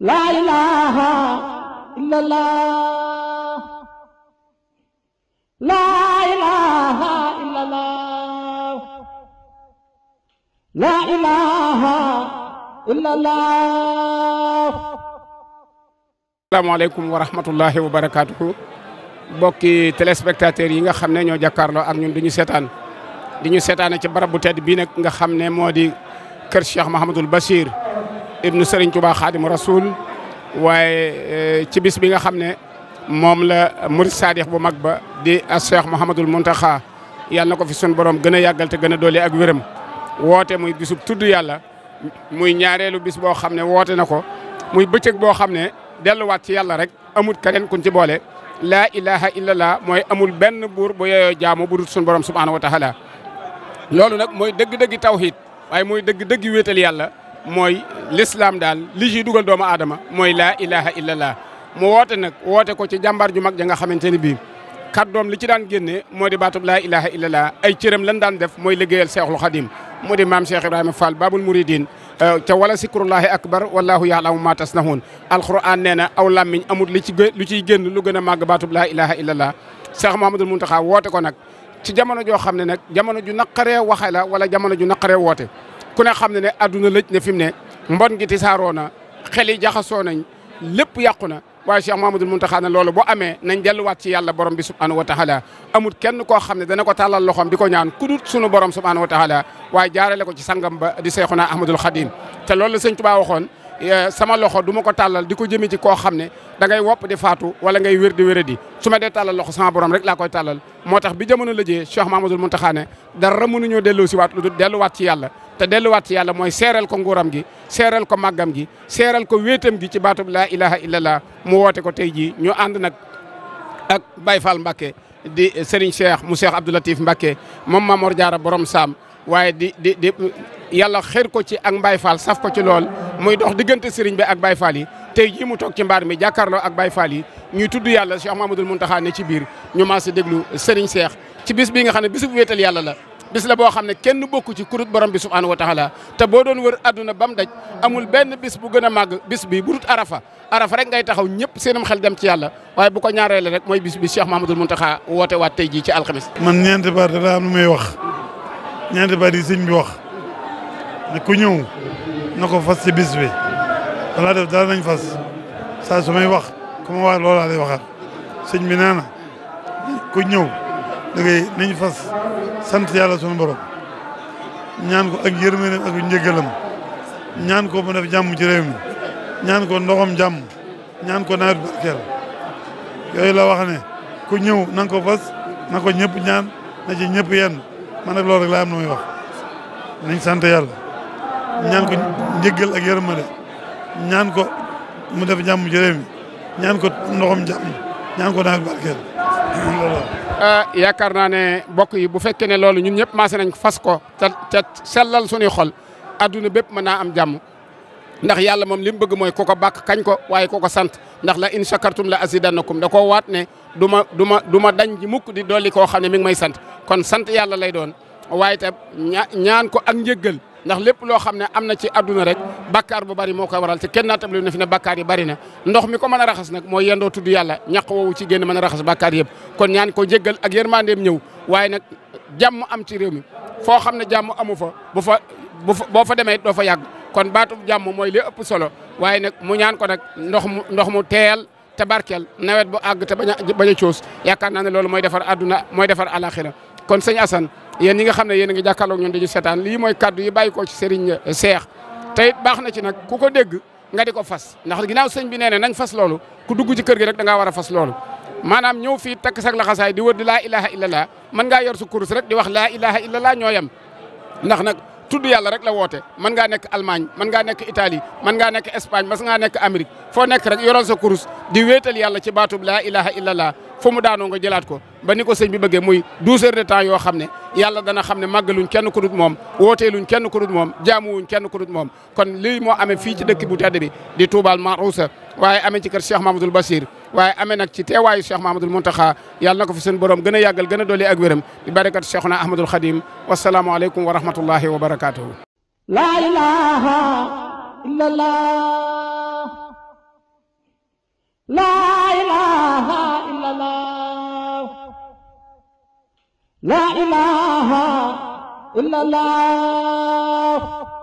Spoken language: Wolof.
laa ilaaha illallah laa ilaaha illallah laa ilaaha bokki téléspectateurs yi nga xam ne ñoo jàkkaarloo ak ñun duñu seetaan di ñu seetaane ci barab bu tedd bii nag nga xam ne moo di kër Cheikh basiir ibnu Serigne Touba Khadim Rasoul waaye eh, ci bis bi nga xam ne moom la murid saadix bu mag ba di a Cheikh Mouhamadul Mountakha yàlla na ko fi sun borom gën a yàggal te a doole ak wéram woote muy bisub tudd yàlla muy ñaareelu bis boo xam ne woote na ko muy bëccëg boo xam ne delluwaat ci yàlla rek amut keneen kuñ ci boole laa illa illallah mooy amul benn buur bu yeyoo jaamu bu dul sun borom subhaanahu wa taala loolu nag mooy dëgg-dëggi tawhid waaye mooy dëgg yàlla mooy lislaam daal li ciy dugal doomu aadama mooy laa ilaha illallah mu woote nag woote ko ci jàmbaar ju mag ja nga xamante ni bii kàddoom li ci daan génne moo di baatub laa ilaha illallah ay cëram lan daan def mooy liggéeyal seexul xadim mu di maam Cheikh Ibrahima Fall babul muridin euh, ca wala sikrullahi akbar wallahu yaalamu ma tasnahun alquran nee na aw làmmiñ amut li ci lu ciy génn lu gën a màgg baatub laa ilaha illallah Cheikh Mouhamadoul Mountakha woote ko nag ci jamono joo xam ne nag jamono ju naqaree waxe la wala jamono ju naqaree woote ku ne xam ne ne adduna lëj ne fi mu ne mbon gi tisaaroo na xel yi jaxasoo nañ lépp yàqu na waaye Cheikh Mamadou Mountakha ne loolu bu amee nañ delluwaat ci yàlla borom bi subhanahu wa taala amul kenn koo xam ne dana ko tàllal loxoom di ko ñaan ku sunu borom subhanahu wa taala waaye jaarale ko ci sangam ba di Seexuna Ahmadul Xadim te loolu la sëñ Tuubaa Eh, sama loxo du ma ko tàllal di ko jëmee ci koo xam ne dangay wopp di faatu wala ngay wér di wér di su ma dee tàllal loxo sama borom rek laa koy tàllal moo tax bi jamono la jiyee Cheikh Mahmadul Muntaxa ne dara mënuñoo delloo si waat lu dul delluwaat ci yàlla te delluwaat ci yàlla mooy seeral ko nguuram gi seeral ko màggam gi seeral ko wéetam gi ci baatub laa ilaha illallah mu woote ko tey jii ñu ànd nag ak Baye Fall Mbacké di Serigne Cheikh mu Cheikh Abdou Latif Mbacké moom Mamor Diarra borom saam yàlla xër ko ci ak Baye faal saf ko ci lool muy dox diggante sëriñ bi ak Baye faal yi tey jii mu toog ci mbaar mi jàkkaarloo ak Baye Fall yi ñuy tudd yàlla Cheikh Mamadou Mountakha ne ci biir ñu maas a déglu Serigne Cheikh ci bis nga xam ne bisu wéetal yàlla la. bis la boo xam ne kenn bokku ci kurut borom bisu subhaanahu wa taala te boo doon wër àdduna ba mu daj amul benn bis bu gën a màgg bis bi bu arafa arafa ngay taxaw ñëpp seenam xel dem ci yàlla waaye bu ko ñaareele rek mooy bis bi Cheikh Mamadou Mountakha woote waat tey jii ci alxames. man ñeenti baat laa am lu may wax ñeenti baat yi sëñ bi wax ne ku ñëw na ko fas ci bis bi balaa def dara nañ fas saa su may wax ku ma wax loolaa lay waxaat sëñ bi nee ku ñëw da nañ fas sant yàlla sunu borom ñaan ko ak yërmandeem ak njëgalam ñaan ko bu def jàmm ci ñaan ko ndoxam jàmm ñaan ko nawet barkeel yooyu la wax ne ku ñëw na ko fas na ko ñëpp ñaan na ci ñëpp yenn man nag loolu rek laa am na wax nañ sant yàlla ñaan ko njëggal ak yërmande ñaan ko mu def jàmm ci réew ñaan ko ndoxam jàmm ñaan ko naag barkeel ah, yaakaar naa ne mbokk yi bu fekkee ne loolu ñun ñëpp maase nañ ko fas ko te te sellal suñuy xol adduna bépp mën naa am jàmm ndax yàlla moom li bëgg mooy ku ko bakk kañ ko waaye ku ko sant ndax la in shakartum la azidannakum da koo waat ne du ma ma du ma dañ ji mukk di dolli koo xam ne mi ngi may sant kon sant yàlla lay doon waaye itam ñaan ko ak njëggal ndax lépp loo xam ne am na ci àdduna rek bakkaar bu bari moo ko waral te kenn naa tabli ne fi ne bakkaar yi bari na ndox mi ko mën a raxas nag mooy yendoo tudd yàlla ñaq woowu ci génn mën a raxas bakkaar yëpp kon ñaan ko jéggal ak yërmandeem ñëw waaye nag jàmm am ci réew mi foo xam ne jàmm amu fa bu fa boo fa demee doo fa yàgg kon baatu jàmm mooy li ëpp solo waaye nag mu ñaan ko nag ndox mu ndox mu teel te barkeel nawet bu àgg te bañ a bañ a coos yaakaar naa ne loolu mooy defar àdduna mooy defar alaxira kon sëñ Assane yéen ñi nga xam ne yéen a ngi jàkkaarloog ñun dañu seetaan lii mooy kaddu yi bàyyi ko ci Serigne Cheikh te baax na ci nag ku ko dégg nga di ko fas ndax ginnaaw sëñ bi nee ne nañ fas loolu ku dugg ci kër gi rek da ngaa war a fas loolu maanaam ñëw fii takk sak laxasaay di wër di laa ilaha la mën ngaa yor su kurus rek di wax laa ilaha la ñoo yem ndax nag tudd yàlla rek la woote mën ngaa nekk Allemagne mën ngaa nekk Italie mën ngaa nekk Espagne mën ngaa nekk Amérique foo nekk rek yoral sa kurus di wéetal yàlla ci baatub laa ilaha illallah fu mu nga jëlaat ko ba ni ko sëñ bi bëggee muy douze heures de temps yoo xam ne yàlla dana xam ne màggaluñ kenn ku moom wooteeluñ kenn ku moom jaamuwuñ kenn ku moom kon lii moo amee fii ci dëkk bu tedd di tuubal Marousa waaye amee nag ci teewaayu Cheikh Mamadou Mountakha yàlla na ko fi seen borom gën a yàggal gën a dolli ak wéram di barakat Cheikhuna Ahmadul Khadim wasalaamualeykum wa rahmatullahi wa laa ilaaha la ilaha illallah